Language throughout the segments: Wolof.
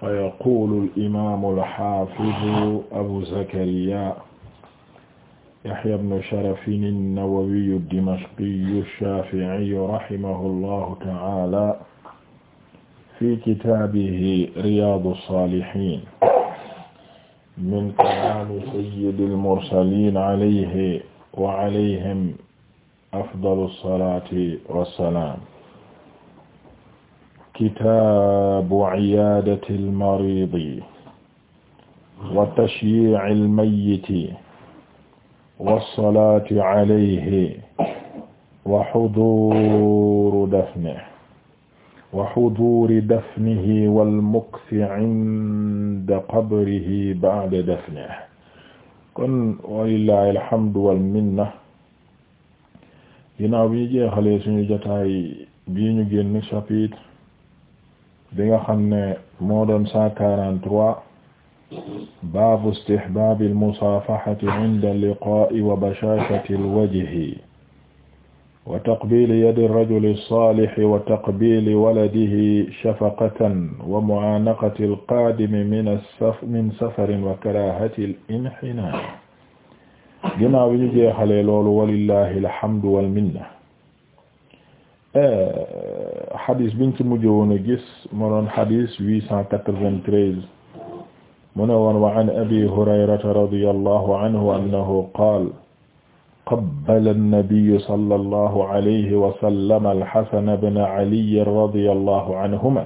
fa yaqulu al-imaamu al-haafidu abu zakariyaa yahyaa ibnu sharafin an-nawawiyyu ad-dimashqiyyu ash-shaafi'iyyu rahimahullahu ta'aalaa fi kitaabihi riyaadu as-saalihiin min kalaami sayyidi al-mursaliin alayhi wa alayhim afdalu as-salaati was-salaam kitaabu ciyaadatil mariidi wa tashyiicil mayyiti wa salaati calayhi wa xuduuri dafnihi wa xuduuri dafnihi wal mukthi cinda qabrihi bacda dafnihi kon walillaahi alhamdu wal minna ginnaaw bi ñu jeexalee suñu jotaay bii ñu génn chapitre bi nga xam ne moo doon cent quarante-trois baabu istihbaabil musaafahati inda liqaa'i wa bashaashatil wajhi wa taqbiili yadi rajuli saalihi wa taqbiili waladihi shafaqatan wa mu'aanaqatil qaadimi min saf min safarin wa karaahatil inhinaa ginnaaw bi ñu jeexalee loolu walillahil hamdu wal minna Eh, xadis biñ ci mujj woon a gis mu doon xadis huit cent quatre-vingt-treize mu ne woon wa an abi hurayrata radiyallahu anhu annahu qaal qabbala an-nabiyyu sallallahu alayhi wa sallam al-hasan ibn ali radiyallahu anhuma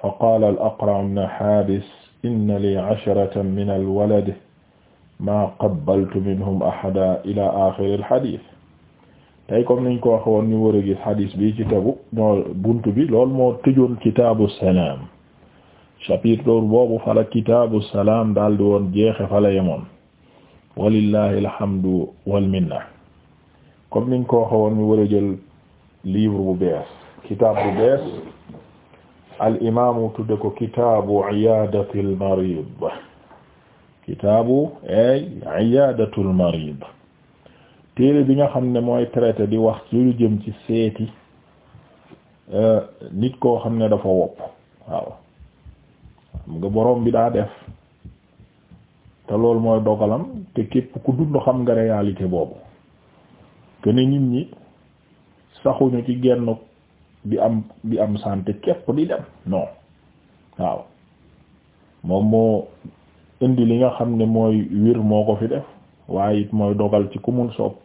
fa qaala al-aqra' ibn haabis inna li ashratan min al-walad maa qabbaltu minhum ahadan ila aaxiri al-hadiis tey comme niñ ko wax woon ñu war a gis hadis bi ci tegu ñoo buntu bi loolu moo tëjoon kitaabu salaam chapitre boobu fala kitaabu salaam daal di woon jeexe fala yemoon walillahi alhamdu wal minna comme niñ ko wax woon ñu war a jël livre bu bees kitaab bu bees al imaamu tudde ko kitaabu iyaadatil marid kitaabu ay iyaadatul marid téere bi nga xam ne mooy traité di wax ci lu jëm ci seeti euh, nit koo xam ne dafa wopp waaw nga boroom bi daa def te loolu mooy dogalam te képp ku xam nga réalité boobu que nit ñi saxuñu ci genn bi am bi am santé képp di dem non waaw moom moo indi li nga xam ne mooy wir moo ko fi def waaye it mooy dogal ci ku mun sopp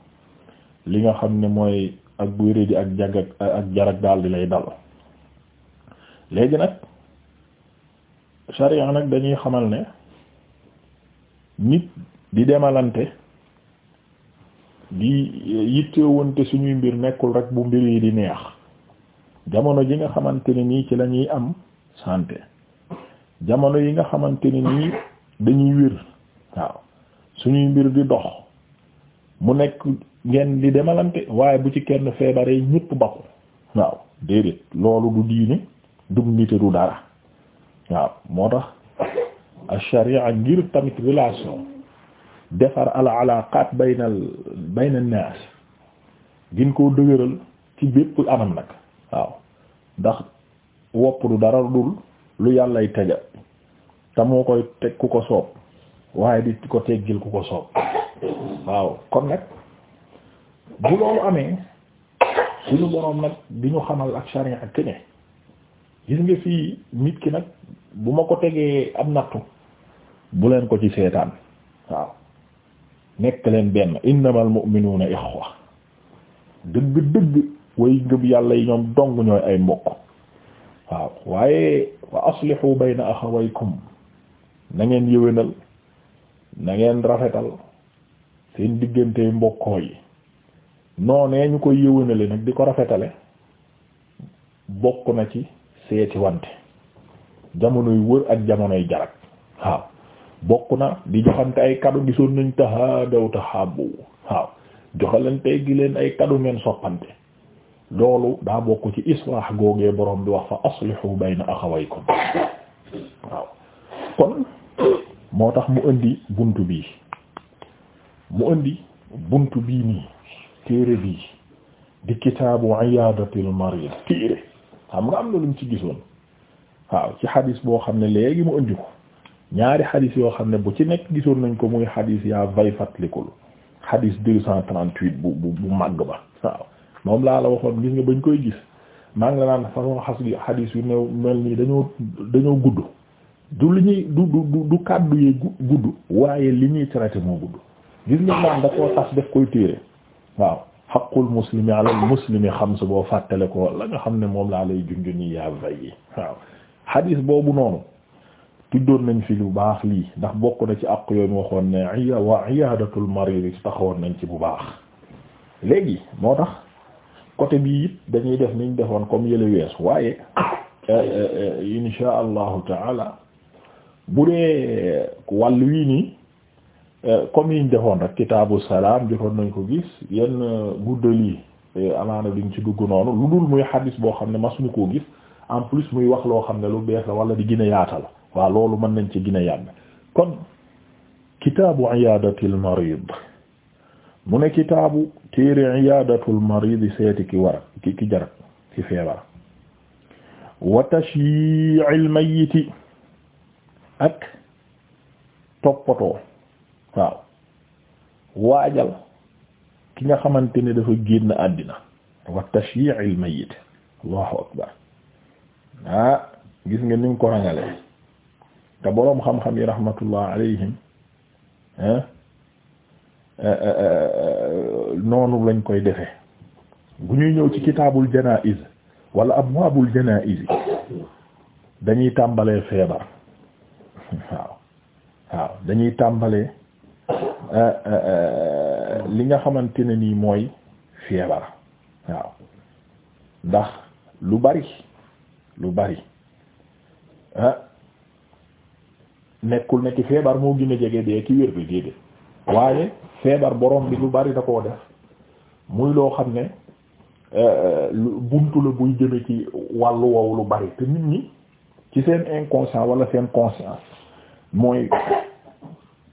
li nga xam ne mooy ak buy di ak jag ak jarag daal lay dal léegi nag sharia nag dañuy xamal ne nit di demalante di yittewante suñuy mbir nekkul rek bu mbir yi di neex jamono ji nga xamante ne nii ci lañuy am santé jamono yi nga xamante ni nii dañuy wér waaw suñuy mbir di dox mu nekk ngeen li demalante waaye bu ci kenn feebaree ñépp bakku waaw déedéet loolu du diine dum du dara waaw moo tax ash-sharia ngir tamit relation defar al alaqat baynal bayna naas gin koo dëgëral ci bépp anam nag waaw ndax wopp du dara dul lu yàllay teja te moo koy teg ku ko soob waaye di ko teggil ku ko soob waaw kon nag bu loolu amee suñu boroom nag bi ñu xamal ak sharia ak ne gis nga fii nit ki nag bu ma ko tegee am nattu bu leen ko ci seetaan waaw nekk leen benn innamal mu'minuna ikhwa dëgg dëgg way ngëm yàlla yi ñoom dong ñooy ay mbokk waaw waaye wa aslihu bayna akhawaykum na ngeen na ngeen rafetal seen diggante mbokkoo yi noonee ñu koy yëwénale nag di ko rafetale bokk na ci seeti wante jamonoy wër ak jamonoy jarak waaw bokk na di joxante ay kado gisoon nañ tahaadaw tahabbu waaw joxalante gi leen ay kado ngeen soppante loolu daa bokk ci islaax googee borom bi wax fa aslihu bayna axawaykum waaw kon moo tax mu indi bunt bii mu indi bunt bii nii téere bii di kitaabu iyaadatil marid téere xam nga am na lu mu ci gisoon waaw ci xadis boo xam ne léegi mu indi ko ñaari xadis yoo xam ne bu ci nekk gisoon nañ ko muy xadis yaa vay fatlikul xadis deux bu bu bu màgg ba waaw moom laa la waxoon gis nga bañ koy gis maa ngi la naan façon xas gi xadis yu new mel nii dañoo dañoo gudd du li ñuy du du du kàddu yi gudd waaye li ñuy traité moo gudd gis nga naan da koo tas def koy téere waaw xaqul muslimi alal muslimi xam su boo fàttale ko la nga xam ne moom laa lay junju nii yaa vay waaw xadiis boobu noonu tuddoon nañ fi lu baax lii ndax bokk na ci àq yoon waxoon ne iya wa iyaadatul marid ci taxawoon nañ ci bu baax léegi moo tax côté bii dañuy def niñ defoon comme yële wees waaye eh, eh, eh, insha bu dee wàll wii nii euh, comme yiñ defoon rek kitaabu salaam jotoon nañ ko gis yenn euh, guddal yi euh, amaana duñ ci dugg noonu lu dul muy xadis boo xam ne masuñu koo gis en plus muy wax loo xam ne lu bees la wala di gën a yaata la waaw loolu mën nañ ci gën a yàgg kon kitaabu iyaadatil marid mu ne kitaabu téere iyaadatul marid seeti ki war ki ki jarat ci feebar wa tashyi'il mayyit ak toppatoo waaw waajal ki nga xamante ne dafa génn àddina wa tashyi'il mayyit allahu akbar ah gis nga ni mu ko rangalee te boroom xam-xam yi rahmatullah alayhim ah, eh, eh, eh, noonu lañ koy defe bu ñuy ñëw ci kitaabul janaa'iz wala abwaabul janaa'iz dañuy tàmbalee feebar waaw waaw dañuy tàmbalee euh, euh, euh, li nga xamante ne nii mooy feebar waaw ndax lu bari lu bari ah nekkul na ci feebar moo gën a jege dee ki wér bi waaye feebar borom bi lu bari da koo def muy loo xam ne buntu la buy jëme ci wàllu woowu lu bari te nit ñi ci seen inconscient wala seen conscience mooy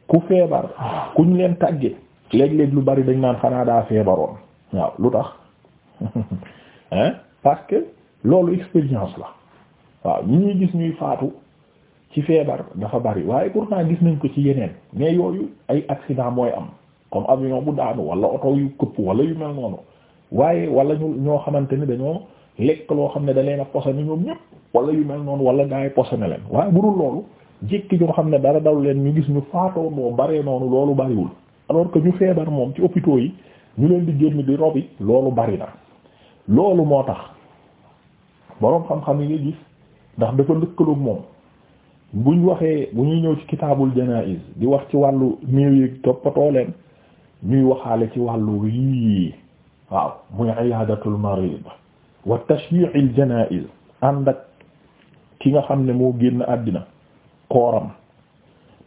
ku feebar kuñ leen tàggee léeg-léeg lu bari dañ naan xanaa daa feebaroon waaw lu tax hein parce loolu expérience la waaw ñi ñuy gis ñuy faatu ci feebar dafa bari waaye pour pourtant gis nañ ko ci yeneen mais yooyu ay accident mooy am comme avion bu daanu wala oto yu këpp wala yu mel noonu waaye wala ñu ñoo xamante ni dañoo lekk loo xam ne da a posé ñoom ñëpp wala yu mel noonu wala gaa yi posone leen waaye bu dul loolu jékki ñoo xam ne dara daw leen ñu gis ñu faatoo moo baree noonu loolu bariwul alors que ñu feebar moom ci hôpitaux yi ñu leen di génn di robi loolu bari na loolu moo tax boroom xam-xam yi nga gis ndax dafa lëkkaloog moom buñ waxee bu ñuy ñëw ci kitaabul janaa'iz di wax ci wàllu néew yi toppatoo leen ñuy waxaale ci wàllu yii waaw muy iyaadatul mariid wa tashyi'il janaa'iz ànd ak ki nga xam ne moo génn àddina kooram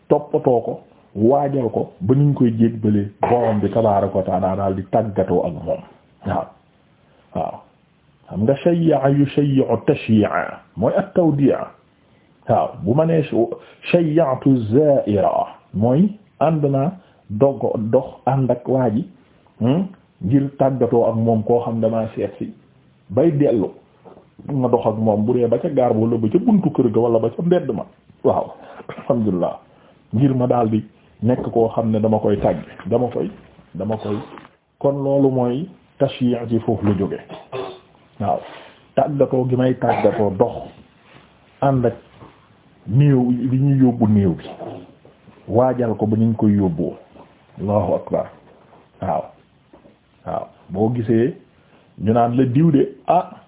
toppatoo ko waajal ko ba nuñ koy jégbalee borom bi tabaaraka wa ta'aala daal di tàggatoo ak moom waaw waaw xam nga shay'a yushay'u tashyi'a mooy at-tawdi'a waaw ànd naa dog dox ànd ak waa hmm, ngir tàggatoo ak moom koo xam damaa seet si bay dellu nga dox ak moom bu dee ba ca gaar ba wala ca buntu kër ga wala ba ca mbedd ma waaw alhamdulilah ngir ma daal di nekk koo xam ne dama koy tàgg dama koy dama koy kon loolu mooy tashyi' ci foofu la jóge waaw tàggatoo gi may tàggatoo dox ànd ak néew li ñuy yóbbu néew bi waajal ko ba niñ koy yóbboo allahu akbar waaw waaw boo gisee ñu naan la diw de ah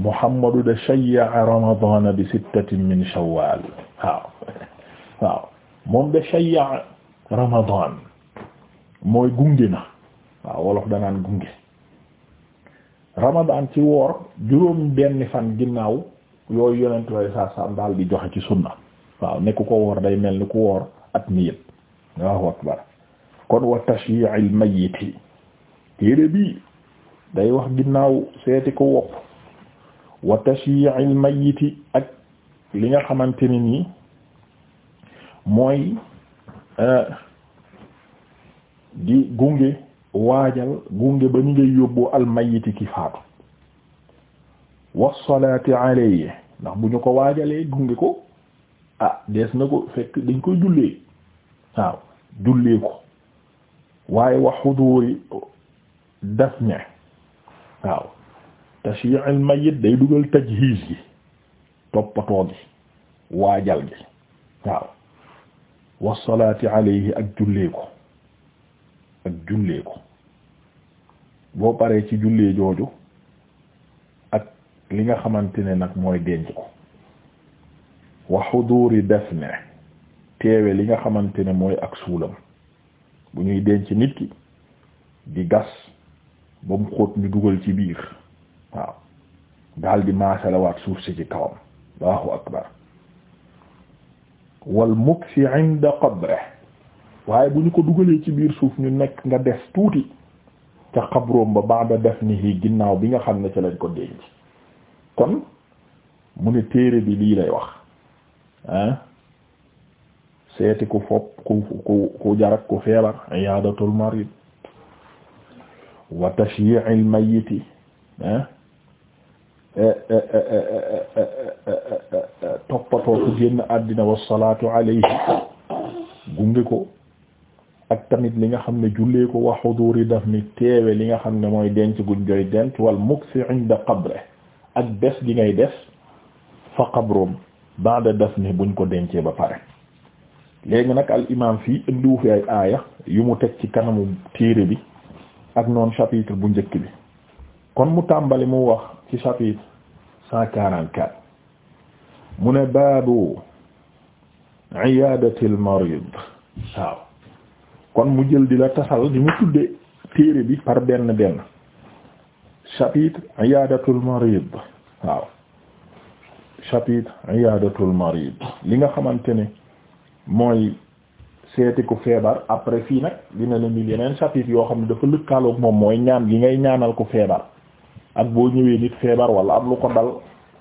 Muhammadu de shayya'a Ramadan bi sittatin min shawwal waaw waaw moom de shayya'a Ramadan mooy gunge na waaw wolof danaan gunge Ramadan ci woor juróom benn fan ginnaaw yooyu yonentu way saa saam daal di joxe ci sunna waaw ne ko woor day mel ni ku woor at mi yëpp Allahu akbar kon wa tashyi'il mayyit téere bi day wax ginnaaw seeti ko wopp wa tashyi'il mayyiti ak li nga xamante ne nii mooy euh, di gunge waajal gunge ba ñu ngay yóbbu al mayyiti ki faatu wa salaati alayhi ndax bu ñu ko waajalee gunge ko ah des na ko fekk dañ koy jullee waaw jullee ko waaye wa xuduuri dafne waaw tashi'il mayyit day dugal tajhiis gi toppatoo gi waajal gi waaw wasalaati alayhi ak jullee ko ak jullee ko boo paree ci jullee jooju ak li nga xamante ne nag mooy denc ko wa xuduuri dafne teewe li nga xamante ne mooy ak suulam bu ñuy denc nit ki di gas ba mu xóot ñu dugal ci biir waaw daal di maasalawaat suuf si ci kawam Allahu akbar wal muksi inda qabre waaye bu ñu ko dugalee ci biir suuf ñu nekk nga des tuuti ca xabroom ba ba'da dafnihi ginnaaw bi nga xam ne ci lañ ko denc kon mu ne téere bi lii lay wax seeti ku fopp ku ku ku jarak ku feebar iyaadatul marid wa tashyi'il mayyiti ah toppatoo ku génn àddina wassalaatu alayhi gunge ko ak tamit li nga xam ne jullee ko wax xuduri daf ni teewe li nga xam ne mooy denc guñ joy denc wal muksi inda qabre ak bés gi ngay des fa qabrum ba'da dafni buñ ko dencee ba pare léegi nag al imam fii indiwu fi ay aaya yu mu teg ci kanamu téere bi ak noon chapitre bu njëkk bi kon mu tàmbali mu wax ci chapitre cent quarante-quatre mu ne baabu iyadatil marid waaw kon mu jël di la tasal di mu tudde téere bi par benn benn chapitre iyadatul marid waaw chapitre iyadatul marid li nga xamante ne mooy seeti ku feebar après fii nag dina la ñu yeneen chapitre yoo xam ne dafa lëkkaaloog moom mooy ñaan gi ngay ñaanal ku feebar ak boo ñëwee nit feebar wala am lu ko dal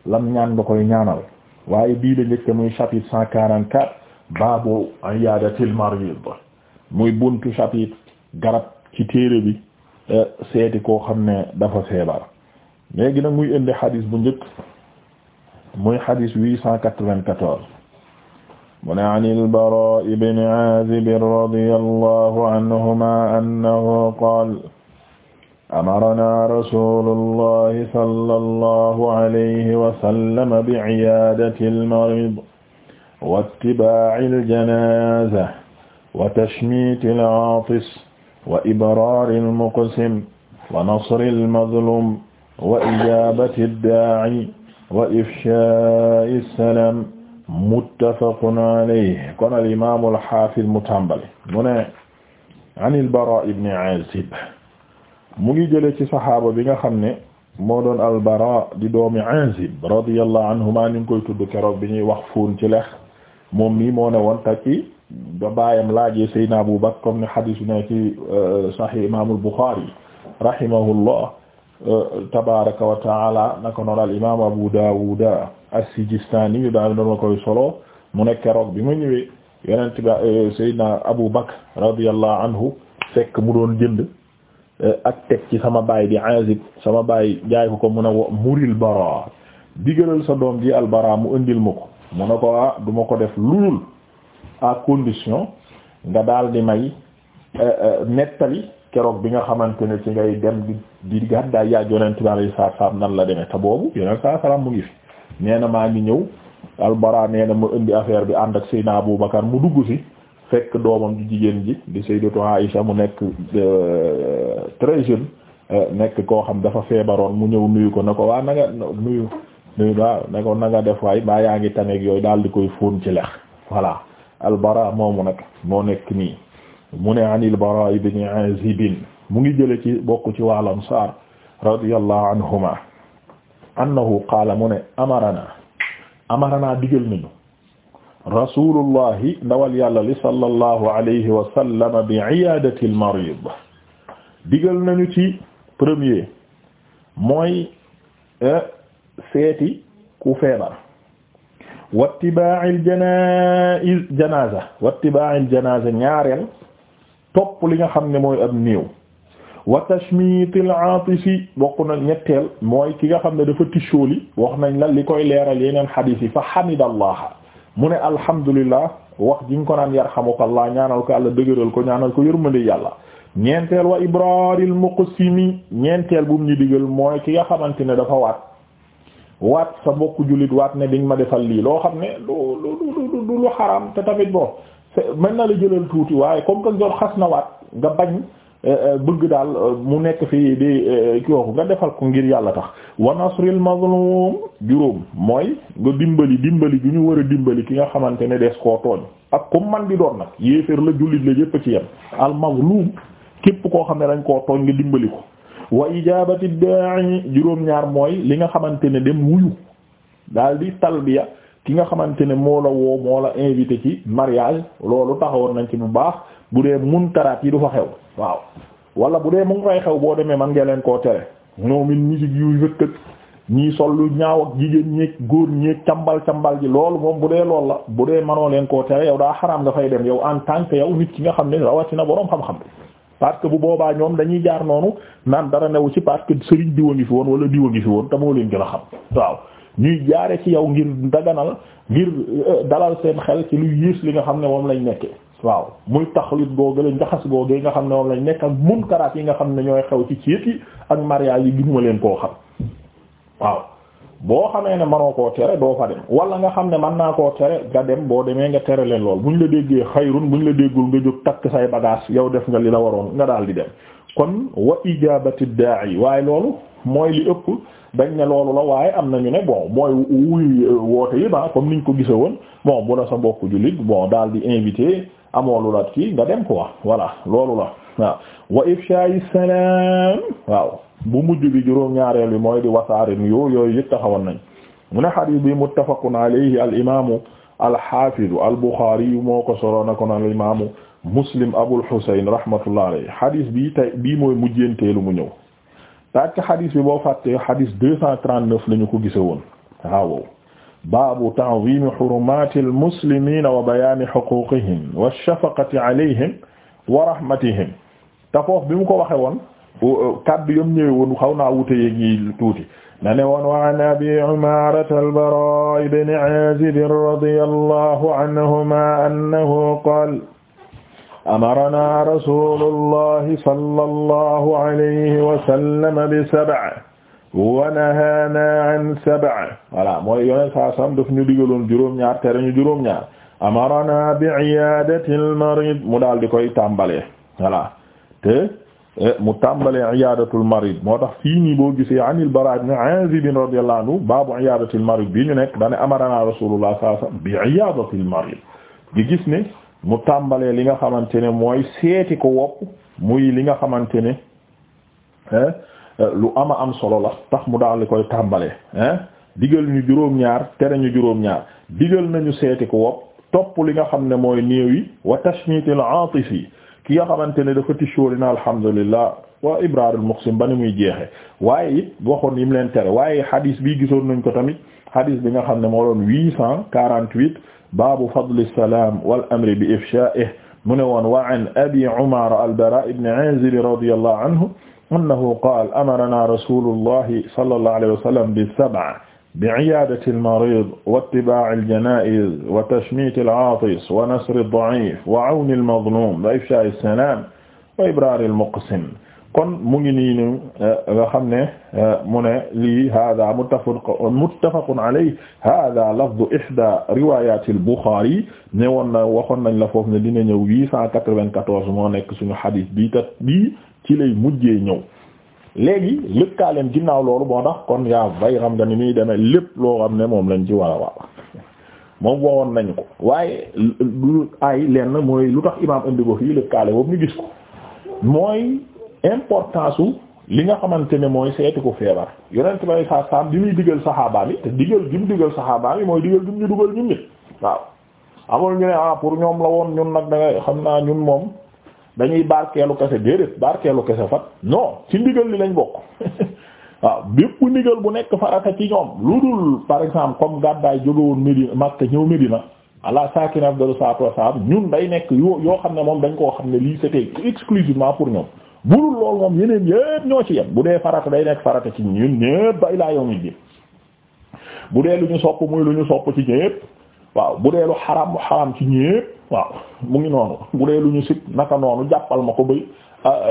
lam ñaan nga koy ñaanal waaye bii la njëkk muy chapitre cent quarante quatre baabu iyaadatil marid muy buntu chapitre garab ci téere bi e, seeti koo xam ne dafa feebar léegi nag muy indi xadis bu njëkk muy xadis huit cent an al-Baraa ibn Aazib anhuma annahu qaala amarana rasulullahi sallallahu alayhi wa sallam bi ciyaadati almarid wa ittibaaci aljanaza wa tashmiiti alaatis wa ibraari almuqsim wa nasri almazlum wa ijaabati addaaci wa ifshaa'i assalaam muttafaqun alayhi kon alimaamu alxaafiz mu tàmbali mu ne an albara ibni aazib mu ngi jëlee ci saxaaba bi nga xam ne moo doon albara di doomi Azib radiyallahu anhuma ñu ngi koy tudd keroog bi ñuy wax fuun ci lex moom mii moo ne woon te ci ba baayam laajee Seydina Abu Bakr comme ni xadiis ne ci euh, Sahih Imaamul Buxaari rahimahullah euh, tabaaraka wa taala naka noonu al imaam Abu Daawud as-Sijistaani yu daal doon koy solo mu ne keroog bi mu ñëwee yonent bi euh, Seydina Abu Bakr radiyallahu anhu fekk mu doon jënd. ak teg ci sama baay di Azib sama baay jaay ko ko mun a wo muril Bara digalal sa doom ji albara mu indil ma ko mu ne ko ah du ko def lulul à condition nga daal di may eh, eh, nettali keroog bi nga xamante ne ci ngay dem di di gàddaay yaa yonent bi alayhi salaam nan la demee te boobu yonent saa salaam mu ngi fi nee na maa ngi ñëw albara nee na mu indi affaire bi ànd ak Seydina Abubakar mu dugg si. fekk doomam ji jigéen ji di sayyidatu Aisha mu nekk euh, très jeune euh, nekk koo xam dafa feebaroon mu ñëw nuyu ko na ko waa na nuyu nuyu waaw na ko na def waay baa yaa ngi taneeg yooyu daal di koy fóon ci lex voilà albara moomu nag moo nekk nii mu ne anil bara ibn Azib mu ngi jële ci bokk ci wal ansar radiyallahu anhuma annahu qaala mu ne amarana amarana digal nañu rasulullahi ndawal yàlla li sallallahu alayhi wa sallam bi iyadati al marid digal nañu ci premier mooy eh, seeti ku feebar wattiba'il janaiz janaza wattiba'il janaza ñaareel topp li nga xam ne mooy ab néew wa tashmitil atisi bokk na ñetteel mooy ki nga xam ne dafa tisóoli wax nañ la li koy leeral yeneen xadiis yi fa xamidallah mu ne alhamdulillah wax ji nga ko naan yarhamukallah ñaanal ko yàlla dëgëral ko ñaanal ko yërmande yàlla ñeenteel wa ibraril muqsimi ñeenteel bu mu ñu digal mooy ki nga xamante ne dafa waat waat sa mbokk jullit waat ne diñ ma defal lii loo xam ne lu lu lu lu xaraam te tamit bon mën na la jëlal tuuti waaye comme que xas na waat nga bañ Eh, eh, bëgg daal eh, mu nekk fii di ki waxu nga defal ko ngir yàlla tax wa nasril mazlum juróom mooy nga dimbali dimbali ju ñu war a dimbali ki nga xamante ne des koo tooñ ak comme man di doon nag yéeféer la jullit la yépp ci yem al mazlum képp koo xam ne dañ koo tooñ nga dimbali ko wa ijabati da'i juróom ñaar mooy li nga xamante ne dem wuyu daal di talbiya ki nga xamante ne moo la woo moo la invité ci mariage loolu taxawoon nañ ci bu baax bu dee munkaraat yi du fa waaw wala bu dee mu ngi xew boo demee man ngee leen koo tere ñoom it musique yu yëkkat ñii sol lu ñaaw ak jigéen ñeeg góor ñeeg cambal cambal ji loolu moom bu dee lool la bu dee manoo leen koo tere yow daa xaraam nga fay dem yow en tant que yow nit ki nga xam ne rawatina boroom xam-xam parce que bu boobaa ñoom dañuy jaar noonu naan dara newu ci parce que sëriñ diwa ngi fi woon wala diwa ngi fi woon te moo leen gën a xam waaw ñuy jaare ci yow ngir daganal ngir euh, dalal seen xel ci lu li nga xam ne moom lañ nekkee waaw muy taxalit googu la njaxas googu yi nga xam ne moom lañ nekk ak karaat yi nga xam ne ñooy xew ci ciit yi ak mariage yi ma leen koo xam waaw boo xamee ne manoo koo tere doo fa dem wala nga xam ne man naa koo tere nga dem boo demee nga tere leen lool ñu la déggee xayrun buñ la déggul nga jóg takk say bagage yow def nga li la waroon nga daal di dem kon wa ijabati yi waaye loolu mooy li ëpp dañ ne loolu la waaye am na ne bon mooy wuy woote yi ba comme niñ ko gise woon bon bu sa mbokk jullit bon daal di invité amoo lu la kii nga dem quoi voilà loolu la waaw wa ifshaa'i salaam waaw bu mujj bi juróom ñaareel bi mooy di wasaare nuyoo yooyu yëpp taxawoon nañ mu ne xadiis bi muttafaqun alayhi al imaamu al xaafidu al buxaari moo ko solo na ko na al imaamu muslim abul xusayn rahmatullah alayhi xadiis bi tey bii mooy mujjanteelu mu ñëw. parce que bi boo fàttee xadiis deux cent trente neuf la ñu ko gise woon waaw. baabu ta'ziimi hurumaatil muslimiina wa bayaani huquuqihim wa shafaqati alayhim wa rahmatihim te foofu bi mu ko waxee woon kaddu yom ñëwee woon xaw naa wute yeeg tuuti na ne woon wa an Abii Umaarata al-Baraa ibn Aazib radiyallaahu anhumaa annahu qaala amaranaa rasuulullaahi sallallaahu alayhi wa sallam bi sab'in wa nahaana an mooy yoneen saa sam daf ñu digaloon juróom-ñaar tere ñu juróom-ñaar amarana bi iyadati al mu daal di koy tàmbalee voilà te e, mu tàmbalee iyadatul marid moo tax fii nii boo gisee an il bara ibn azib radiyallahu anhu baabu iyadatil marid bii ñu nekk dane amarana rasulullah saa sam bi iyadatil marid gi gis ne mu tàmbalee li nga xamante ne mooy seeti ko wopp muy li nga xamante ne e, lu ama am solo la tax mu daal di koy tàmbalee hein digal ñu juróom-ñaar tere ñu juróom-ñaar digal nañu seeti ku wopp top li nga xam ne mooy néew yi wa tashmitil aatif yi ki nga xamante ne dafa li na alhamdulillah wa ibrarul muqsim ba nu muy jeexe waaye it waxoon yim leen tere waaye hadis bi gisoon nañ ko tamit hadis bi nga xam ne moo doon huit cent quarante-huit baabu fadli salaam wal amri bi ifshaa'ihi mu ne woon wa an abi umar al-bara ibn azib radiyallahu anhu annahu qaala amaranaa rasuulullahi sallallahu alayhi wa sallam bi sab'a bi'iyaadati al-mariid wa ittibaa'i al-janaa'iz wa tashmiiti al-'aatis wa nasri ad-da'iif wa 'awni al-mazluum wa ifshaa'i as-salaam wa ibraari al-muqsim kon mu ngi nii ni euh, nga xam ne euh, mu ne lii haaza muttafaqun alayhi haaza lafdu ihdaa riwaayaati al-Buxaari ne woon na waxoon nañ la foofu ne dina ñëw 894 moo nekk suñu hadiis bi tat bi ci lay mujjee ñëw léegi lëkkaaleem ginnaaw loolu moo tax kon yaa bay xam nga ni muy demee lépp loo xam ne moom lañ ci waaw moom waxoon nañu ko waaye du ay lenn mooy lu tax imaam indi ko fii lëkkaale boobu ñu gis ko mooy importance su li nga xamante ne mooy seeti ko feebar yonent bay sa sam bi muy digal saxaabaam yi te digal gi mu digal saxaabaam yi mooy digal gi mu ñu dugal ñun nit waaw amul ñu ne ah pour ñoom la woon ñun nag da xam naa ñun moom dañuy barkeelu kese déedéet barkeelu kese fat non ci ndigal li lañ bokk waaw bépp ndigal bu nekk farata ci ñoom lu dul par exemple comme gàddaay jógewoon Médina Makka ñëw Médina ala saakine afdalu salaatu wassalaam ñun day nekk yoo yoo xam ne moom dañ koo xam ne lii c'était exclusivement pour ñoom bu dul loolu moom yeneen yépp ñoo ci yem bu dee farata day nekk farata ci ñun ñépp bay laa yowmit bi bu dee lu ñu sopp muy lu ñu sopp ci ñépp waaw bu dee lu xaram mu waaw mu ngi noonu bu dee lu ñu sit naka noonu jàppal ma ko bay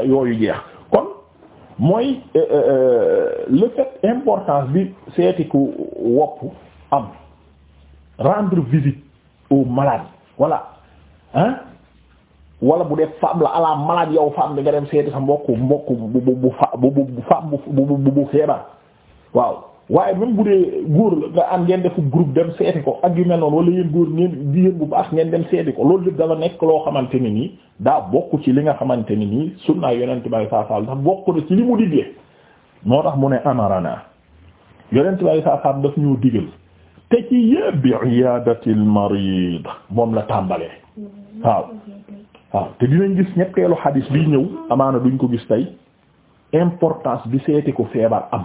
yooyu jeex kon mooy le importance bi seeti ku wopp am rendre visite au malade voilà hein wala bu dee femme la ala malade yow femme bi nga dem seeti sa mbokku mbokku bu bu bu bu bu bu feebar waaw waaye même bu dee góor nga am ngeen defu group dem seeti ko ak yu mel noonu wala góor ngeen jigéen bu baax ngeen dem seeti ko loolu lépp dafa nekk loo xamante ne nii daa bokk ci li nga xamante ne nii sunna yonent bay saa saal ndax bokk na ci li mu digle moo tax mu ne amarana yonent bay saa ñu digal te ci yëpp bi iyadatil marid moom la tàmbalee waaw waaw te dinañ gis ñetteelu xadis bi ñëw amaana duñ ko gis tey importance bi seeti ko feebar am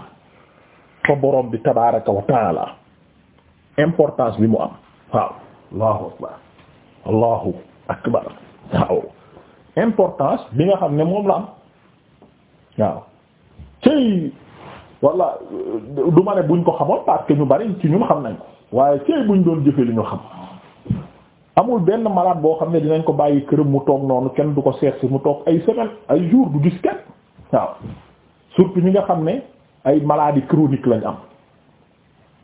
fa borom bi tabaraka wa taala importance bi mu am waaw allahu akbar allahu akbar waaw importance bi nga xam ne moom la am waaw cëy walla du ma ne buñ ko xamoon parce que ñu bari ci ñun xam nañ ko waaye cëy buñ doon jëfe li ñu xam amul benn malaat boo xam ne dinañ ko bàyyi këram mu toog noonu kenn du ko seet si mu toog ay semaine ay jours du gis kenn waaw surtout ñi nga xam ne ay maladie chronique lañ am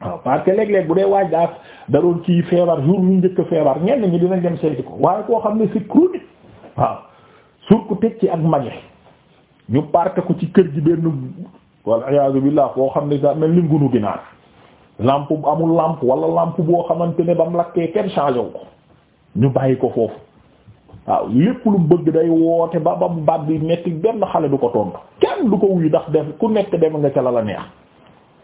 waaw parce que léeg bu dee waaj daal da doon kii feebar jour mu njëkk feebar ñenn ñi dinañ dem seeti ko waaye koo xam ne c'est chronique waaw ko teg ci ak mage ñu park ko ci kër gi benn walla iyaazu billaah koo xam ne daa mel ni ngunu ginaar lampe amul lampe wala lampe boo xamante ne ba mu lakkee kenn changé wu ko ñu bàyyi ko foofu waaw lépp lu mu bëgg day woote ba ba mu baat bi metti benn xale du ko tontu kenn du ko wuyu ndax def ku nekk dem nga ca lal la neex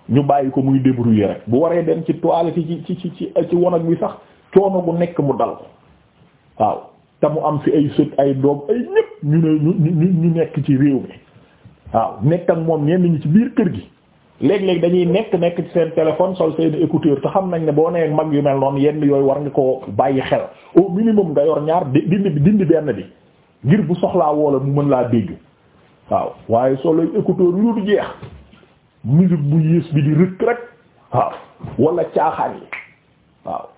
ñu bàyyi ko muy débrouiller rek bu waree dem ci toilette ci ci ci ci ci wanag bi sax coono gu nekk mu dal waaw te mu am fi ay sët ay doom ay ñëpp ñu ne ñu nekk ci réew mi waaw nekk ak moom ñenn ñi ci biir kër gi. léeg-léeg dañuy nekk nekk ci seen téléphone sol seen écouteur te xam nañ ne boo nee mag yu mel noonu yenn yooyu war nga koo bàyyi xel au minimum nga yor ñaar dind bi dindi benn bi ngir bu soxlaa woola mu mën laa dégg waaw waaye solo écouteur yu du jeex musique bu yées bi di rëkk rek waaw wala caaxaan yi waaw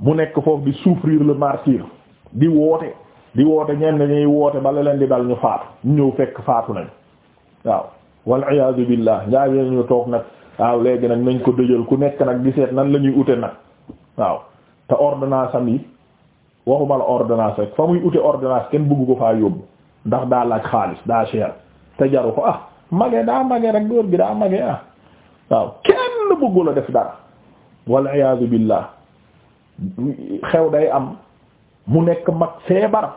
mu nekk foofu di souffrir le martyre di woote di woote ñenn ñuy woote bala leen di dal ñu faatu ñëw fekk faatu nañ waaw wal iyaadu billah ngaa yee ñu toog nag waaw léegi nag nañ ko dëjal ku nekk nag di seet nan la ñuy ute nag waaw te ordonnance am yi waxuma la ordonnance rek fa muy ute ordonnance kenn bëggu ko faa yóbbu ndax daa xaalis daa cher te jaru ko ah mage daa mage rek góor gi daa mage ah waaw kenn bëggu la def dara wal iyaadu billah xew day am mu nekk mag feebar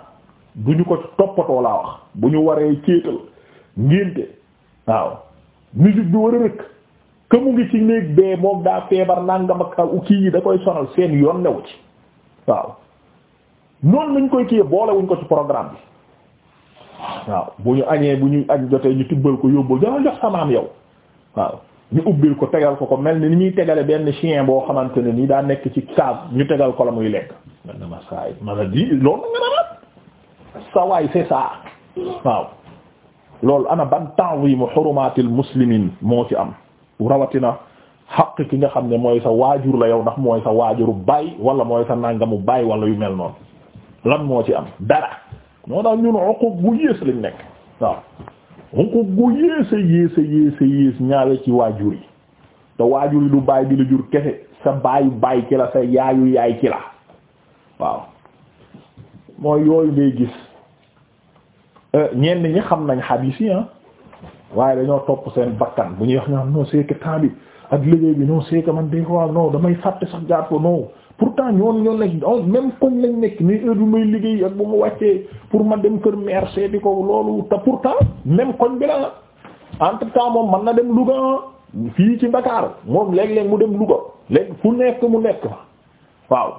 du ñu ko toppatoo laa wax bu ñu waree céetal ngénte waaw musique bi war a rëkk que ngi ci néeg bee moom daa feebar nangam ak kii yi da koy sonal seen yoon newu ci waaw noonu lañ koy kii boolewuñ ko ci programme bi waaw bu ñu añee bu ñu añ jotee ñu tibbal ko yóbbul dana jox samaam yow waaw ñu ubbil ko tegal ko ko mel ni ni ñuy tegale benn chien boo xamante ne nii daa nekk ci cave ñu tegal ko la muy lekk man na saa yi ma la di loolu nga naraat sa waay c'est ça waaw loolu ana ban ta'zimu hurumatil muslimin moo ci am rawatina xaq ki nga xam ne mooy sa waajur la yow ndax mooy sa waajuru baay wala mooy sa nangamu baay wala yu mel noonu lan moo ci am dara moo tax ñun uquq gu nekk waaw uquq gu yées a yées a yées ci waajur yi te waajur yi du baay bi la jur kese sa baayu baay ci la sa yaayu yaay ci la waaw mooy yooyu ngay gis ñenn ñi xam nañ xadiis yi ah waaye dañoo topp seen bakkan bu ñuy wax ñoo non c'est que temps yi ak liggéey bi non c'est que man des fois non damay fàtte sax jaar ko non pourtant ñoon ñoon lañ on oh, même koñ lañ nekk nii heure bu may liggéey ak bu mu wàccee pour ma dem kër mère seeti ko loolu te pourtant même koñ bi la ah. entre temps moom man na dem Louga ah. fii ci Dakar moom léeg-léeg mu dem Louga léegi fu nekk mu nekk waaw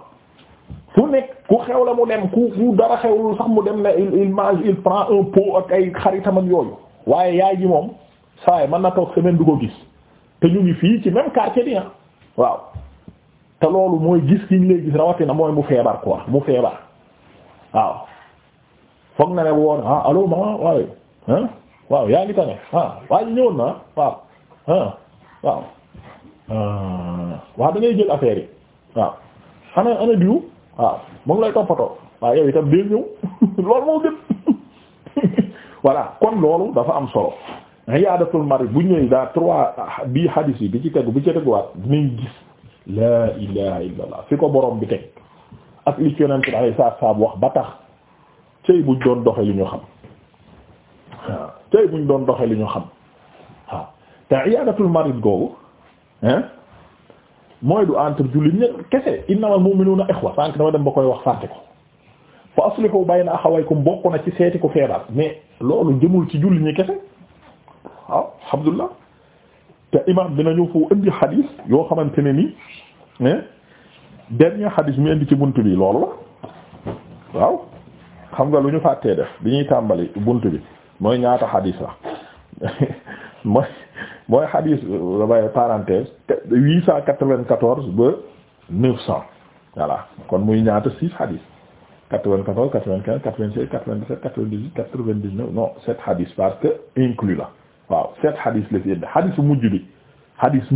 fu nekk ku xew la mu dem ku ku dara xewlul sax mu dem ne il il mange il prend un pot ak ay xaritam ak yooyu waaye yaay ji moom saay man na toog semaine du ko gis te ñu ngi fii ci même quartier bi ah. waaw te loolu mooy gis ki ñu lay gis rawatina mooy mu feebar quoi mu feebar waaw foog na ne woon ah allo maman waaye ah waaw yaa ngi tane ah waaye ñëwoon na waaw ah waaw euh, waaw da ngay jël affaire yi waaw ana ana diw. waaw mu ngi lay toppatoo waaw yow itam dee ñëw loolu moo gën voilà kon loolu dafa am solo iyaadatul marid bu ñëwee daa trois bii hadis yi bi ci tegu bi ci teguwaat dinañ gis laa ilaha illa fi ko borom bi teg ak li ci yonent bi alayhi salaam wax ba tax cëy buñ doon doxe li ñu xam waaw cëy buñ doon doxe li ñu xam waaw te iyaadatul marid googu hein mooy du entre jullit ñëpp kese innamal mu'minuuna ixwa sànq dama dem ba koy wax fàtte ko fa aslihu bayna axawaykum bokk na ci seeti ko feebar mais loolu jëmul ci jullit ñi kese waaw ah, alhamdulillah te imam dinañu fu yoo xamante ne ni dernier xadis mu indi ci bunt bi loolu waaw xam nga lu ñu fàttee def bi ñuy tàmbali bunt bi mooy ñaata xadis la mooy xadiis damay parenthèse huit cent quatre-vingt-quatorze ba neuf cent voilà kon muy ñaata six xadiis quatre-vingt-quatorze quatre-vingt-quinze quatre-vingt-seize quatre-vingt-dix-sept vingt dix quatre quatre-vingt-dix-neuf non sept xadiis parce que inclus la waaw sept xadiis la fi indi xadiis mujj bi xadiis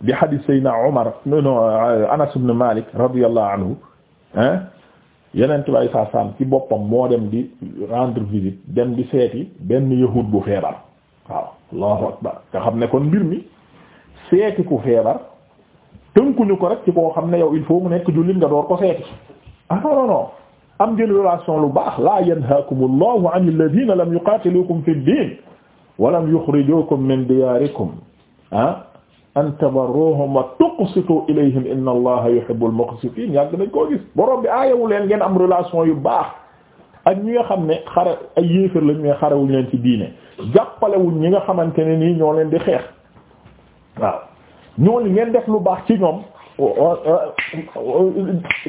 di xadiis Seydina Omar euh, Anas ibn Malik radiyallahu anhu hein yeneen tubaab saa saam ci boppam moo dem di rendre visite dem di seeti benn allahu akbar nga xam ne kon mbir mi seeti ku feebar tënkuñu ko rek ci koo xam ne yow il faut mu nekk jullit nga door ko seeti ah non non non am jël relation lu baax la yanhaakumullahu an alladhina lam yuqatilukum fi ddin wa lam yukhrijukum min diyarikum ah an tabarruhum wa tuqsitu ilayhim inna allaha yuhibbul muqsitin yàgg nañ koo gis bi aayawu leen ngeen am relation yu baax ak ñi nga xam ne xare ay yéefar lañ mais xarewuñ leen ci diine jàppalewuñ ñi nga xamante ne nii ñoo leen di xeex waaw ñooñu ngeen def lu baax ci ñoom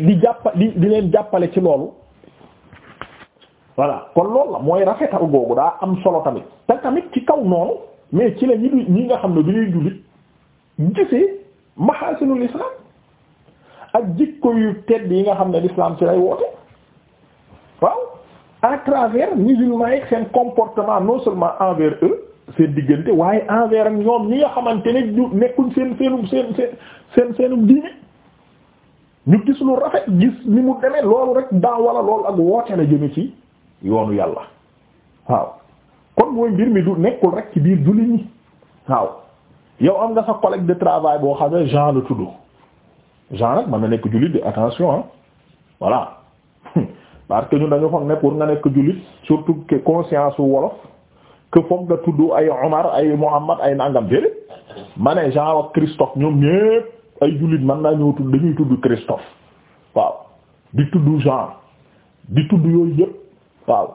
di jàppa di leen jàppale ci loolu voilà kon loolu la mooy rafetal googu daa am solo tamit te tamit ci kaw noonu mais ci la ñi ñi nga xam ne bi ñuy jullit gisee mahasinul islam ak jikko yu tedd yi nga xam ne l'islam ci lay woote à travers musulmans yi seen comportement non seulement envers eux seen diggante waaye envers ñoom ñi nga xamante ne ñu nekkuñ seen seenum seen seen seen seenum diine ñu gis lu rafet gis ni mu demee loolu rek daa wala loolu ak woote la jëme ci yoonu yàlla waaw kon mooy mbir mi du nekkul rek ci biir jullit ñi waaw yow am nga sa collègue de travail boo xam ne la tudd Jean rek mën na nekk jullit de attention ah parce que ñun dañu foog ne pour nga nekk jullit surtout que conscience wolof que foog nga tudd ay Omar ay Muhammad ay nangam déedéet ma ne Jean ak Christophe ñoom ñépp ay jullit man naa ñoo tudd dañuy tudd Christophe waaw di tudd Jean di tudd yooyu yépp waaw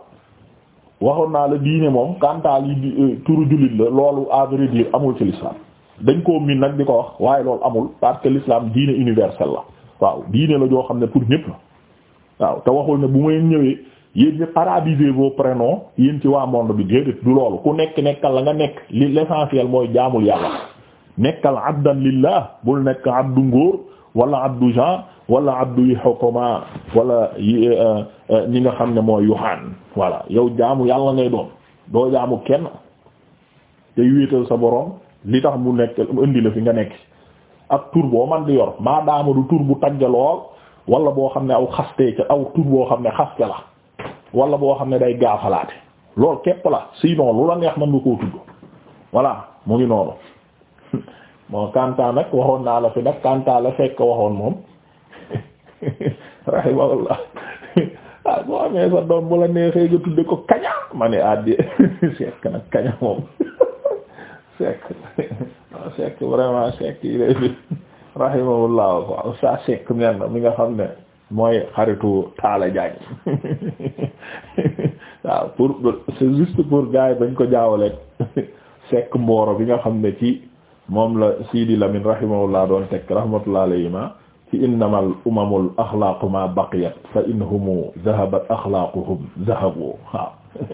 waxoon naa la diine moom kantaal yi euh, turu jullit la loolu à vrai amul ci l'islam dañ koo miin nag di ko wax waaye loolu amul parce que l'islam diine universel la waaw diine la joo xam ne pour ñépp waaw te waxul ne bu may ñëwee yéen ñëpp arabisez vos prénoms yéen ci waa monde bi déedéet du loolu ku nekk nekkal la nga nekk li l'essentiel mooy jaamul yàlla nekkal abdan lillah bul nekk abdu ngóor wala abdu Jean wala abdu yu walla wala euh, euh, nga xam ne mooy yuxaan voilà yow jaamu yàlla ngay doon doo jaamu kenn te wéetal sa borom li tax mu nekk indi la fi nga nekk ak tur boo man di yor maadaama du tur bu tagge lool wala boo xam ne aw xastee ca aw tur boo xam ne xaste la wala boo xam ne day gaafalaate loolu képp la sinon lu la neex mën nga koo tudd voilà mu ngi noonu bon Kanta nag waxoon naa la fi nag Kanta la fekk waxoon moom rahimahullah ah boo amee sa doom bu la neexee nga tudde ko kaña ma ne àddi ah sekk nag kaña moom sekk sekk vraiment sekk yi lay bi rahimahullah waaw saa sekk mel na mi nga xam ne mooy xaritu Talla Diagne waaw pour c'est juste pour gars yi bañ ko jaawaleeg sekk mbooro bi nga xam ne ci moom la Sidi Lamine rahimahullah doon teg rahmatullah alayhima ci innamal umamul axlaaqu ma baqiyat fa inhumu dhahabat axlaaquhum dhahabu waaw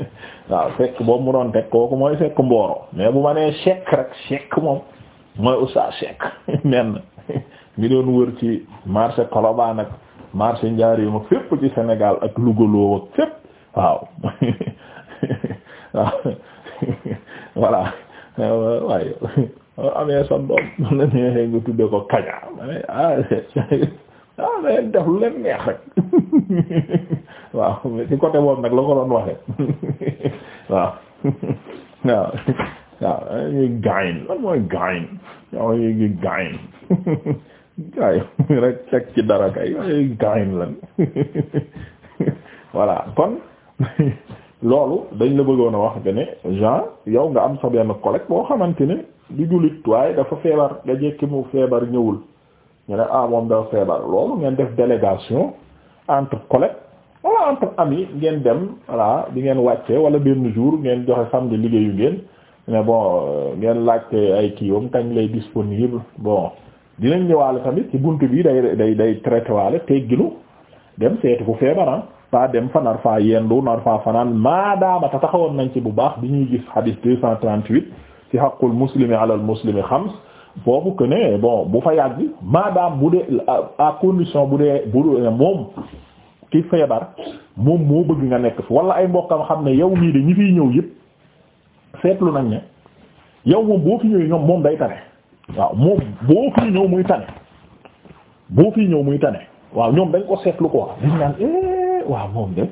waaw sekk boobu mu doon teg kooku mooy sekk mbooro mais bu ma nee sekk rek sekk moom mooy ussa sekk men mi doon wër ci marché Colobane ak marché Ndiarème ak fépp ci Sénégal ak Louga ak fépp waaw waaw voilà waaye amee doom mun na neexee nga tudde ko kaña ah ah day def lu neex rek waaw ci côté boobu nag la ko doon waxee waaw waaw waaw gaañ lan mooy gaañ waaw gaañ waaye rek teg ci dara kay kayin lan voilà kon loolu dañ la bëggoon a wax que ne Jean yow nga am sa benn collègue boo xamante ne du jullit waaye dafa feebar nga jekki mu feebar ñëwul ñu ne ah moom dafa feebar loolu ngeen def délégation entre collègues wala entre amis ngeen dem voilà bi ngeen wàccee wala benn jour ngeen joxe samedi liggéeyu ngeen ne bon euh, ngeen laajte ay kii wam kañ lay disponible bon dinañ ñëwaale tamit ci buntu bi day day day traité waale tegginu dem seeti ku feebaran ah. pas dem fa nar faa yendu nar fanaan maadaama te taxawoon nañ ci bu baax di ñuy gis hadith deux cent trente-huit ci haqqul muslimi ala al muslimi xams foofu que bon bu fa yàgg maadaam bu dee à condition bu dee bu moom ki feebar moom moo bëgg nga nekk fi wala ay mbokkam xam ne yow mii de ñi fiy ñëw yëpp seetlu nañ ne yow moom boo fi ñëwee ñoom moom day tane waaw moom boo fii ñëw muy tane boo fii ñëw muy tane waaw ñoom dañ ko seetlu ko wax dañ naan eh, waaw moom de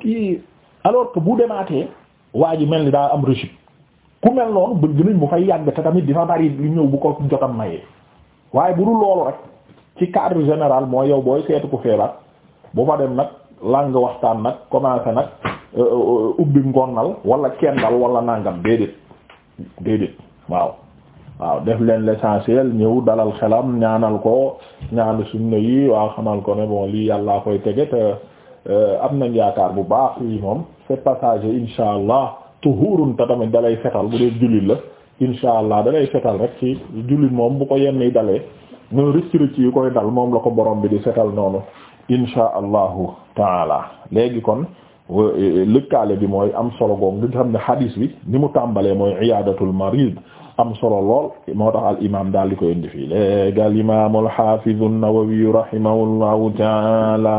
kii alors que bu demaatee waa ji mel ni daa am rechute ku mel noonu bëgg nañ mu fay yàgg te tamit dina bari lu ñëw bu ko jotam mayee waaye bu dul loolu rek ci cadre général mooy yow booy seetu ko feebar bu fa dem nag lang waxtaan nag commencé nag euh, euh, ubbi ngonnal wala kendal wala nangam déedéet déedéet waaw waaw def leen l'essentiel ñëw dalal xelam ñaanal ko ñaanu sunna yi waaw xamal ko ne bon lii yàllaa koy tege te euh, am nañ yaakaar bu baax lii moom c'est passager insha allah tuhurun te tamit dalay fetal bu dee jullit la insha allah dalay fetal rek ci jullit moom bu ko yenn yi dalee ñoo rëcc rëcc yi koy dal moom la ko borom bi di setal noonu insha allahu taala léegi kon lëkkaale bi mooy am solo goom nga xam ne hadis bi ni mu tàmbalee mooy iyaadatul marid am solo lool moo tax al imaam daal di koy indi fii léegi al imaam al haafiz an-Nawawi rahimahullahu ta'ala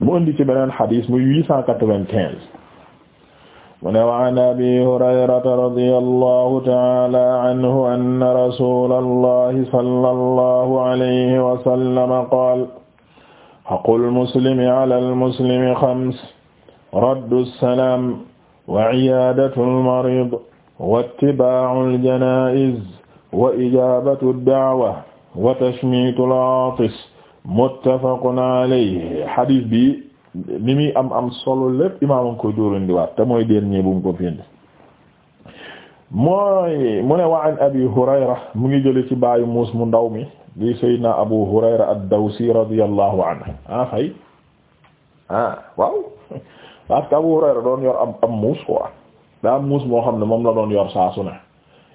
mu indi ci beneen xadis muy 895 mu ne wa an abi hurayrata radiyallahu ta'ala anhu anna rasulallahi sallallahu alayhi wa sallam qaala haqqul muslimi alal muslimi xams raddu salaam wa iyaadatul mariid wattibaa'u al-janaa'iz wa ijaabatu ad-da'wa wa tashmiitu al-'aatis muttafaqun alayhi hadith bi ni muy am am solo lépp imaam am ko dóorandi waat te mooy dernier bu mu ko find mooy mu ne wa an abi hurayra mu ngi jële ci baayu muus mu ndaw mi di sayyidina abu hurayra ad-dawsi radiyallahu anhu ah fay ah waaw parce que abu hurayra doon yor am am muus quoi daa muus moo xam ne moom la doon yor saa su ne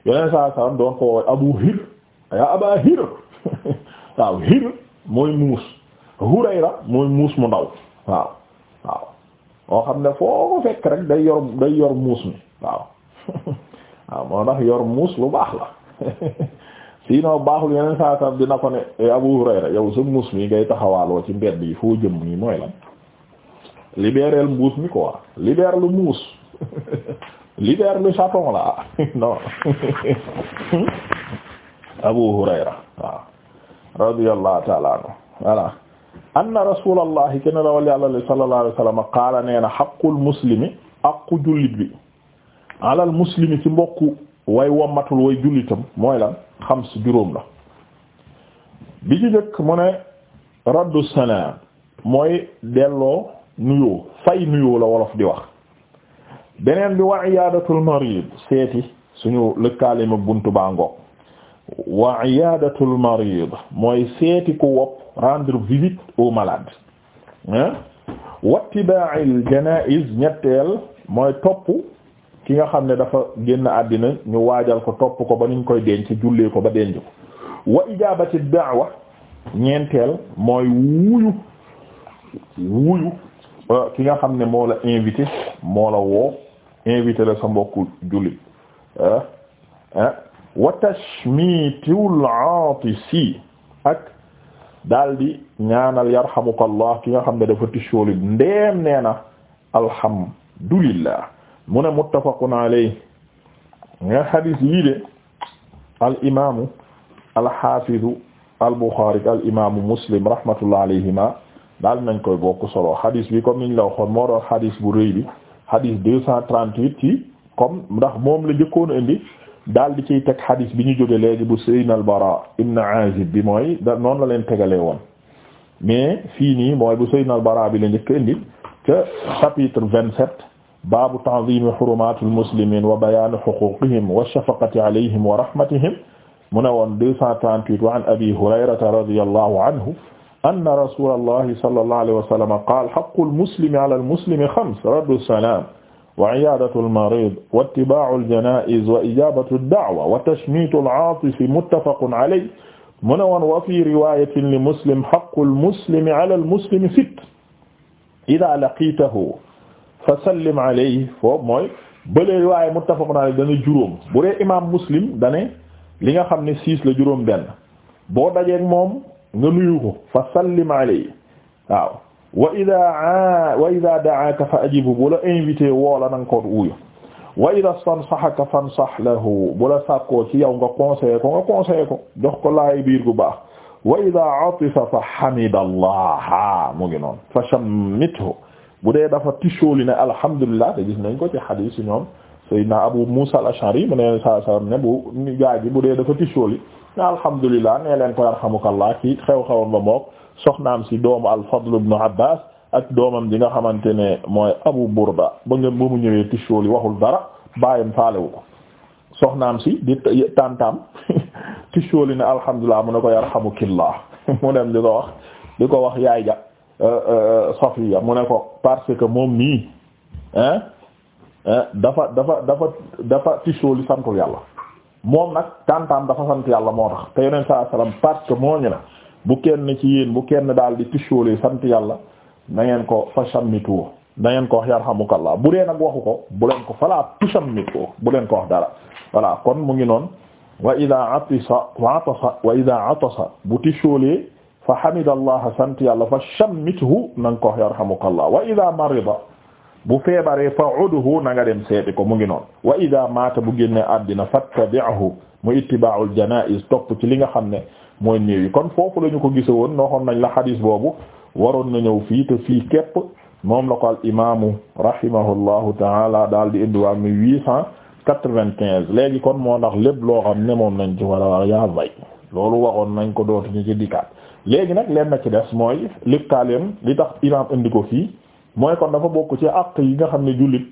yeneen saa salaam doon ko woowe abu hir yaa aba hir waaw hir mooy muus hurayra mooy muus mu ndaw waaw waaw moo xam ne foo ko fekk rek day yor day yor muus mi waaw moo tax yor muus lu baax la sinon baaxul yeneen saa salaam dina ko ne eh, abu hurayra yow sa muus mi ngay taxawaaloo ci mbedd yi foo jëm nii mooy lan libéral muus mi quoi libère le muus libère le chaton là non Abu Hurayra waaw radiyallahu ta'ala anna rasulallahi kenn rawal yàlla li sallallahu alayhi wa sallam qaala nee na xaqul muslimi aqu jullit bi alal muslimi ci mbokku way wammatul way jullitam mooy lan xam juróom la bi ci njëkk mu ne raddu salaam mooy delloo nuyoo fay nuyoo la wolof di wax beneen bi wa iyadatul marid seeti suñu lëkkaalima buntu baa ngoog wa iyadatul seeti ku wopp rendre visite au malade hein ñetteel mooy topp ki nga xam ne dafa génn àddina ñu waajal ko topp ko ba nuñ koy denc jullee ko ba denc ko wa ijabati ñeenteel mooy wuyu wuyu euh, ki nga xam ne moo la invité moo la woo invité la sa mbokku jullit ah ah wa tashmiitul aatisi ak daal di ñaanal yarhamukallah ki nga xam ne dafa tisóoli ndeem nee na alhamdulillah mu ne muttafaqun alayhi nga xadis yii de al imaamu al xaafidu al buxaari al imaamu muslim rahmatullah alayhima daal nañ koy bokk solo xadis bi comme niñ la waxoon moo doon xadis bu rëy bi. xadis deux cent trente-huit ci comme ndax moom la njëkkoon indi daal di ciy teg xadis bi ñu jóge léegi bu Sayyidina al-Bara ibn Azib bi mooy da noonu la leen tegalee woon mais fii nii mooy bu Sayyidina al-Bara bi la njëkk indi ca chapitre vingt-sept baabu ta'zimi hurumatil muslimin wa bayani huquqihim wa shafaqati alayhim wa rahmatihim mu ne woon deux cent trente-huit wa an abi hurayrata radiyallahu anhu anna rasulallahi sallallahu alayhi wa sallam qaala haqqul muslimi ala al-muslimi xams raddu salaam wa iyaadatul mariid wa ittibaa'ul janaa'iz wa ijaabatud da'wa wa tashmiitul aatis muttafaqun alayhi mu ne woon wa fii riwaayatin li muslim haqqul muslimi ala al-muslimi sitt idaa laqiitahu fasallim alayhi foofu mooy bële riwaaya muttafaqun alayhi dana juróom bu dee imaam muslim dane li nga xam ne siis la juróom benn boo dajeek moom nga nuyu ko fa sallim alayhi waaw wa ida wa ida da'aka fa ajibu bu la invité woola na nga ko wuyu wa ida stansahaka fansah lahu bu la sàkkoo ci yow nga conseillé ko nga ko jox ko laay biir gu baax wa ida atifa fa hamida allah mu ngi noonu fa shammithu bu dee dafa tisóoli ne alhamdulillah te gis nañ ko ci hadis yi ñoom sayyidina abu musa al-ash'ari mu ne sa sallam ne bu gaay bi bu dee dafa tisóoli alhamdulilah nee leen ko yarhamukallah ci xew-xewam ba mook soxnaam si doomu al-Fadl ibn Abbas ak doomam ji nga xamante ne mooy Abu Burda ba nga ba mu ñëwee tishool yi waxul dara bàyyam faalewu ko soxnaam si di tantam tishool yi ne alhamdulilah mu ne ko yarhamukillah mu dem di ko wax di ko wax yaay ja euh, euh, Safiya mu ne ko parce que moom nii dafa dafa dafa dafa santul yàlla moom nag tantam dafa sant yàlla moo tax te yoneen saa salaam parce moo ñu bu kenn ci yéen bu kenn daal di tisoolee sant yàlla na ngeen ko fa sammitu na ngeen ko wax yarhamukallah bu dee nag waxu ko bu leen ko falaa tusammitu bu leen ko wax dara voilà kon mu ngi noon wa ida atasa wa atasa wa ida atasa bu tisoolee fa hamidallah sant yàlla fa sammitu na nga ko wax yarhamukallah wa ida marida bu feebaree fa udhu na nga dem seeti ko mu ngi noonu wa ida maata bu génne àddina fattabi'hu mu ittiba'ul janaiz topp ci li nga xam ne mooy néew yi kon foofu lañu ko gise woon noo nañ la xadis boobu waroon na ñëw fii te fii képp moom la ko al imamu rahimahullahu taala daal di indiwaa mi huit cent quatre-vingt-quinze léegi kon moo ndax lépp loo xam ne moom nañ ci wala a wax yaa bay loolu waxoon nañ ko dootuñu ci dikkaat léegi nag leen na ci des mooy lëkkaaleem li tax imam indi ko fii mooy kon dafa bokk ci àq yi nga xam ne jullit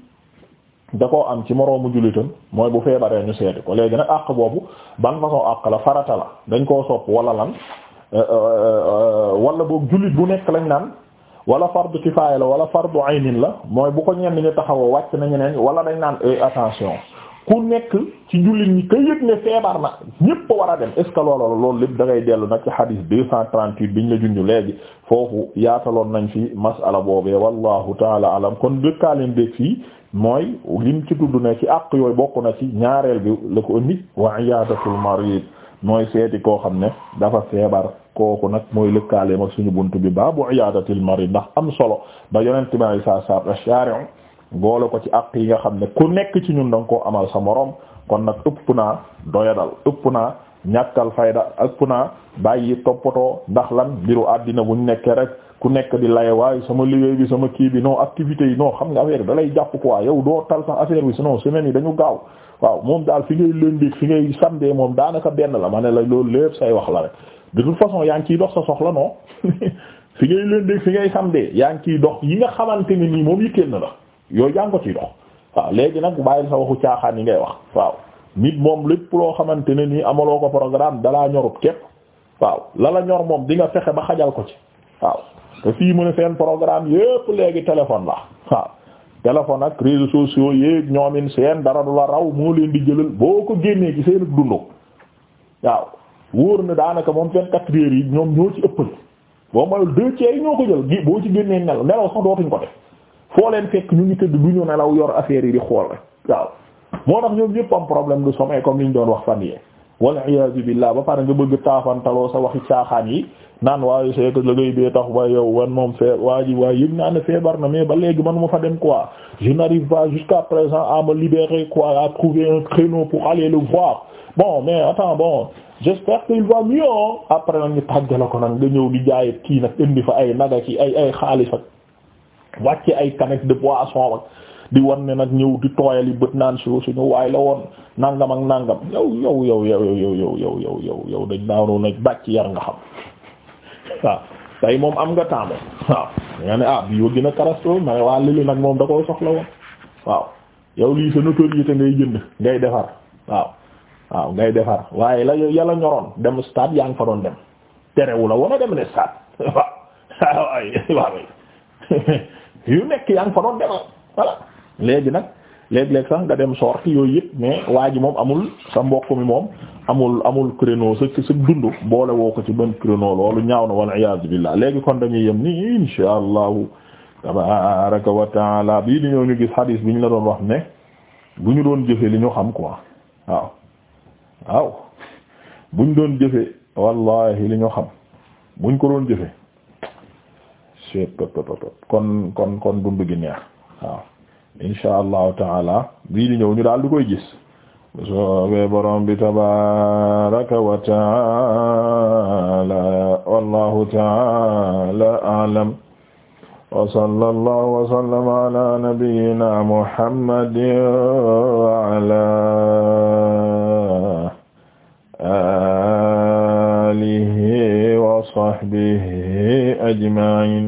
da koo am ci moroomu jullitam mooy bu feebaree ñu seeti ko léegi nag àq boobu ban façon àq la farata la dañ koo sopp wala lan euh, euh, euh, walla boog jullit bu nekk lañ naan wala fardu kifaaya la wala fardu aynin la mooy bu ko ñenn ñu taxawoo wàcc nañu ne wala dañ naan eh, attention ku nekk ci jullit ñi ka yëg ne feebar na ñépp war a dem est ce que loolu loolu lépp da ngay dellu nag ci xadis deux cent trente-huit biñ la junj léegi foofu yaataloon nañ fi masala boobee wallahu taala alam kon lëkkaaleen béeg fii mooy lim ci tudd na ci àq yooyu bokk na ci ñaareel bi la ko indi wa iyadatul marid mooy seeti koo xam ne dafa feebar kooku nag mooy lëkkaaleem ak suñu bunt bi baabu iyadatil marid ndax am solo ba yonent bi sallallahu alayhi wasallam boole ko ci àq yi nga xam ne ku nekk ci ñun da nga koo amal sa morom kon nag ëpp naa doyadal ëpp naa ñàkkal fayda ëpp naa bàyyi toppatoo ndax lan mbiru àddina buñ nekkee rek ku nekk di laye waaye sama liggéey bi sama kii bi non activité yi non xam nga affaire bi da lay jàpp waa yow doo tal sax bi si sinon semaine yi dañu gaaw waaw moom daal fi ngay lundi fi ngay samedi moom daanaka benn la ma ne la loolu lépp say wax la rek de toute façon yaa ngi ciy dox sa soxla non fi ngay lundi fi ngay samedi yaa ngi ciy dox yi nga xamante ne nii moom yitteel na yooyu yaa ngi ko ciy dox waaw léegi nag bàyyil sa waxu caaxaan yi ngay wax waaw nit moom lépp loo xamante ne nii amaloo ko programme dalaa ñorut képp waaw lala ñor moom di nga fexe ba xajal ko ci waaw te fii mu ne seen programme yépp léegi téléphone la waaw téléphone ak réseaux sociaux yéeg ñoomin seen dara du la raw moo leen di jëlal boo ko génnee ci seen dundu waaw wóor na daanaka moom vingt quatre heures yi ñoom ñoo ci ëppal boo ma deux yi ñoo ko jël ci génnee nel nelaw sax dootuñ ko foo leen fekk ñu ngi tëdd du ñu nelaw yor affaire yi di xool rek waaw moo tax ñoom ñëpp am problème de sommeil comme liñ doon wax fan yee wal iyaazu billaah ba pare nga bëgg taafantaloo sa waxi caaxaan yi naan waaye c'est que liggéey bee tax waaye yow wan moom fee waa ji waaye yëg naa feebar na mais ba léegi man ma fa dem quoi je n'arrive pas jusqu'à présent a me libérer quoi a trouver un créneau pour aller le voir bon mais attends bon j'espère qu'il va mieux après ko nag nga ñëw di jaayet kii nag indi fa ay naga ki ay ay xaalis wàcce ay canette de boisson ak di wan ne nag ñëw di tooyal yi bët naan si suñu waay la woon nangam ak nangam yow yow yow yow yow yow yow dañ naanoo nag bàcc yar nga xam waaw moom am nga temps waaw nga ne ah bii yoo gën a karastoo ma waa lili nag moom da koo soxla woon waaw yow lii sa notoriété ngay jënd ngay defar waaw waaw ngay defar waaye la yàlla ñoroon dem stade yaa ngi fa doon dem terewu la woon a dem ne stade waaw yu nekk yaa ngi fa doon demal voilà léegi nag léeg-léeg sax nga dem sorti yooyu yëpp mais waa ji moom amul sa mbokk mi moom amul amul créneau sa sa dund boole woo ko ci benn créneau loolu ñaaw na wal iyaazu billah léegi kon dañuy yem nii insha allahu tabaraka wa taala bii di ñëw ñu gis hadis bi ñu la doon wax ne bu ñu doon jëfee li ñu xam ko waaw waaw bu ñu doon jëfe wallahi li ñu xam buñ ko doon jëfee suet kon kon kon dund gi neex waaw insha allahu taala bii di ñëw ñu daal di koy gis soobee borom bi tabaraka wa taala wallahu taala a'lam wa sallallahu wa sallama ala nabiyyina muhammadin wa ala alihi wa sahbihi ajma'in